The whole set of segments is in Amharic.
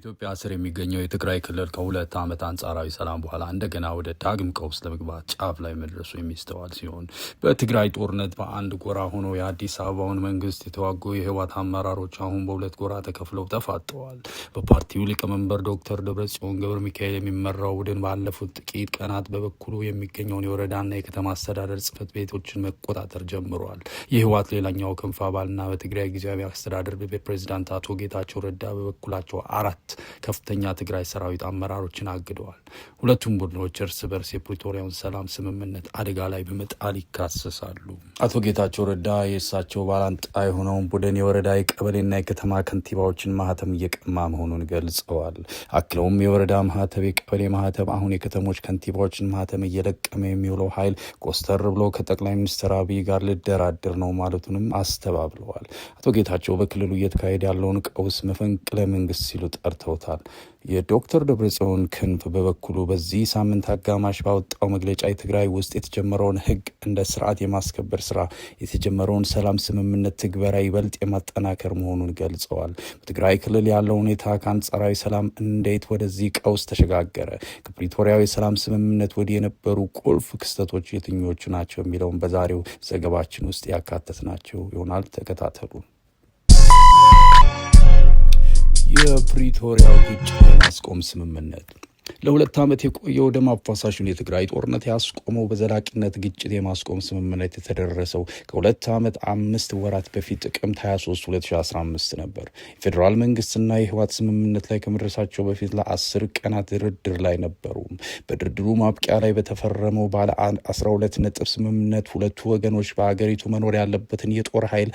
ኢትዮጵያ ስር የሚገኘው የትግራይ ክልል ከሁለት ዓመት አንጻራዊ ሰላም በኋላ እንደገና ወደ ዳግም ቀውስ ለመግባት ጫፍ ላይ መድረሱ የሚስተዋል ሲሆን በትግራይ ጦርነት በአንድ ጎራ ሆኖ የአዲስ አበባውን መንግስት የተዋጉ የህወሓት አመራሮች አሁን በሁለት ጎራ ተከፍለው ተፋጠዋል። በፓርቲው ሊቀመንበር ዶክተር ደብረጽዮን ገብረ ሚካኤል የሚመራው ቡድን ባለፉት ጥቂት ቀናት በበኩሉ የሚገኘውን የወረዳና የከተማ አስተዳደር ጽህፈት ቤቶችን መቆጣጠር ጀምሯል። የህወሓት ሌላኛው ክንፍ አባልና በትግራይ ጊዜያዊ አስተዳደር ፕሬዚዳንት አቶ ጌታቸው ረዳ በበኩላቸው አራት ከፍተኛ ትግራይ ሰራዊት አመራሮችን አግደዋል። ሁለቱም ቡድኖች እርስ በርስ የፕሪቶሪያውን ሰላም ስምምነት አደጋ ላይ በመጣል ይካሰሳሉ። አቶ ጌታቸው ረዳ የእሳቸው ባላንጣ የሆነውን ቡድን የወረዳ የቀበሌና የከተማ ከንቲባዎችን ማህተም እየቀማ መሆኑን ገልጸዋል። አክለውም የወረዳ ማህተብ፣ የቀበሌ ማህተብ፣ አሁን የከተሞች ከንቲባዎችን ማህተም እየለቀመ የሚውለው ኃይል ኮስተር ብሎ ከጠቅላይ ሚኒስትር አብይ ጋር ልደራድር ነው ማለቱንም አስተባብለዋል። አቶ ጌታቸው በክልሉ እየተካሄደ ያለውን ቀውስ መፈንቅለ መንግስት ሲሉ ጠርተዋል። አብራርተውታል። የዶክተር ደብረጽዮን ክንፍ በበኩሉ በዚህ ሳምንት አጋማሽ ባወጣው መግለጫ የትግራይ ውስጥ የተጀመረውን ህግ እንደ ስርዓት የማስከበር ስራ የተጀመረውን ሰላም ስምምነት ትግበራ ይበልጥ የማጠናከር መሆኑን ገልጸዋል። በትግራይ ክልል ያለው ሁኔታ ከአንጻራዊ ሰላም እንዴት ወደዚህ ቀውስ ተሸጋገረ? ከፕሪቶሪያዊ የሰላም ስምምነት ወዲህ የነበሩ ቁልፍ ክስተቶች የትኞቹ ናቸው? የሚለውን በዛሬው ዘገባችን ውስጥ ያካተት ናቸው ይሆናል። ተከታተሉ። የፕሪቶሪያው ግጭት ማስቆም ስምምነት ለሁለት ዓመት የቆየው ደም አፋሳሹን የትግራይ ጦርነት ያስቆመው በዘላቂነት ግጭት የማስቆም ስምምነት የተደረሰው ከሁለት ዓመት አምስት ወራት በፊት ጥቅምት 23 2015 ነበር። የፌዴራል መንግስትና የህወሓት ስምምነት ላይ ከመድረሳቸው በፊት ለአስር ቀናት ድርድር ላይ ነበሩ። በድርድሩ ማብቂያ ላይ በተፈረመው ባለ 12 ነጥብ ስምምነት ሁለቱ ወገኖች በሀገሪቱ መኖር ያለበትን የጦር ኃይል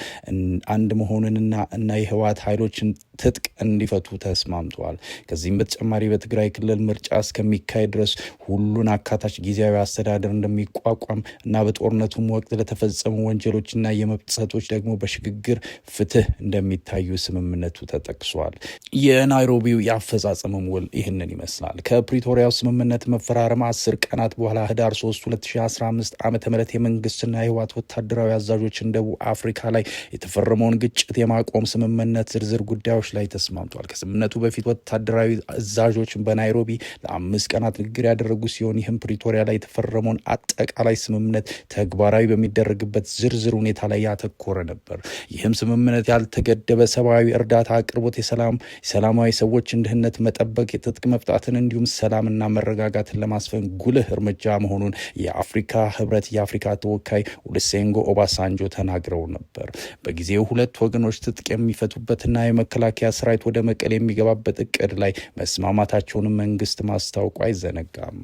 አንድ መሆንንና እና የህወሓት ኃይሎችን ትጥቅ እንዲፈቱ ተስማምተዋል። ከዚህም በተጨማሪ በትግራይ ክልል ምርጫ እስከሚካሄድ ድረስ ሁሉን አካታች ጊዜያዊ አስተዳደር እንደሚቋቋም እና በጦርነቱም ወቅት ለተፈጸሙ ወንጀሎችና የመብት ጥሰቶች ደግሞ በሽግግር ፍትህ እንደሚታዩ ስምምነቱ ተጠቅሷል። የናይሮቢው የአፈጻጸምም ውል ይህንን ይመስላል። ከፕሪቶሪያው ስምምነት መፈራረም አስር ቀናት በኋላ ህዳር 3 2015 ዓ ም የመንግስትና የህወሓት ወታደራዊ አዛዦችን ደቡብ አፍሪካ ላይ የተፈረመውን ግጭት የማቆም ስምምነት ዝርዝር ጉዳዮች ላይ ተስማምቷል። ከስምምነቱ በፊት ወታደራዊ አዛዦችን በናይሮቢ ለአምስት ቀናት ንግግር ያደረጉ ሲሆን ይህም ፕሪቶሪያ ላይ የተፈረመውን አጠቃላይ ስምምነት ተግባራዊ በሚደረግበት ዝርዝር ሁኔታ ላይ ያተኮረ ነበር። ይህም ስምምነት ያልተገደበ ሰብአዊ እርዳታ አቅርቦት፣ የሰላማዊ ሰዎችን ድህነት መጠበቅ፣ የትጥቅ መፍታትን እንዲሁም ሰላምና መረጋጋትን ለማስፈን ጉልህ እርምጃ መሆኑን የአፍሪካ ህብረት የአፍሪካ ተወካይ ኦሉሴጉን ኦባሳንጆ ተናግረው ነበር። በጊዜው ሁለት ወገኖች ትጥቅ የሚፈቱበትና የመከላከያ ሰራዊት ወደ መቀሌ የሚገባበት እቅድ ላይ መስማማታቸውን መንግስት ማስታወቁ አይዘነጋም።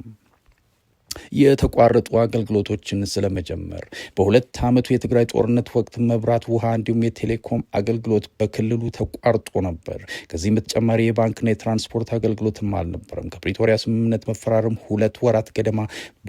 የተቋረጡ አገልግሎቶችን ስለመጀመር በሁለት ዓመቱ የትግራይ ጦርነት ወቅት መብራት፣ ውሃ እንዲሁም የቴሌኮም አገልግሎት በክልሉ ተቋርጦ ነበር። ከዚህም በተጨማሪ የባንክና የትራንስፖርት አገልግሎትም አልነበረም። ከፕሪቶሪያ ስምምነት መፈራረም ሁለት ወራት ገደማ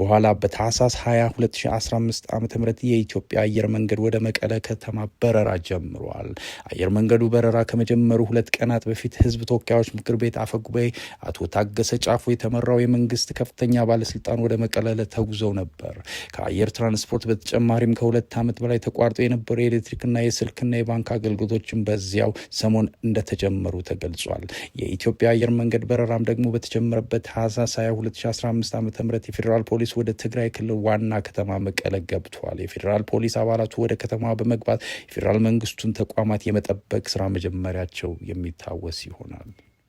በኋላ በታህሳስ 20 2015 ዓ ም የኢትዮጵያ አየር መንገድ ወደ መቀለ ከተማ በረራ ጀምሯል። አየር መንገዱ በረራ ከመጀመሩ ሁለት ቀናት በፊት ህዝብ ተወካዮች ምክር ቤት አፈጉባኤ አቶ ታገሰ ጫፉ የተመራው የመንግስት ከፍተኛ ባለስልጣን ወደ መቀለ ዘለለ ተጉዘው ነበር። ከአየር ትራንስፖርት በተጨማሪም ከሁለት ዓመት በላይ ተቋርጦ የነበሩ የኤሌክትሪክና የስልክና የባንክ አገልግሎቶችን በዚያው ሰሞን እንደተጀመሩ ተገልጿል። የኢትዮጵያ አየር መንገድ በረራም ደግሞ በተጀመረበት ታህሳስ 2015 ዓ ም የፌዴራል ፖሊስ ወደ ትግራይ ክልል ዋና ከተማ መቀለ ገብቷል። የፌዴራል ፖሊስ አባላቱ ወደ ከተማ በመግባት የፌዴራል መንግስቱን ተቋማት የመጠበቅ ስራ መጀመሪያቸው የሚታወስ ይሆናል።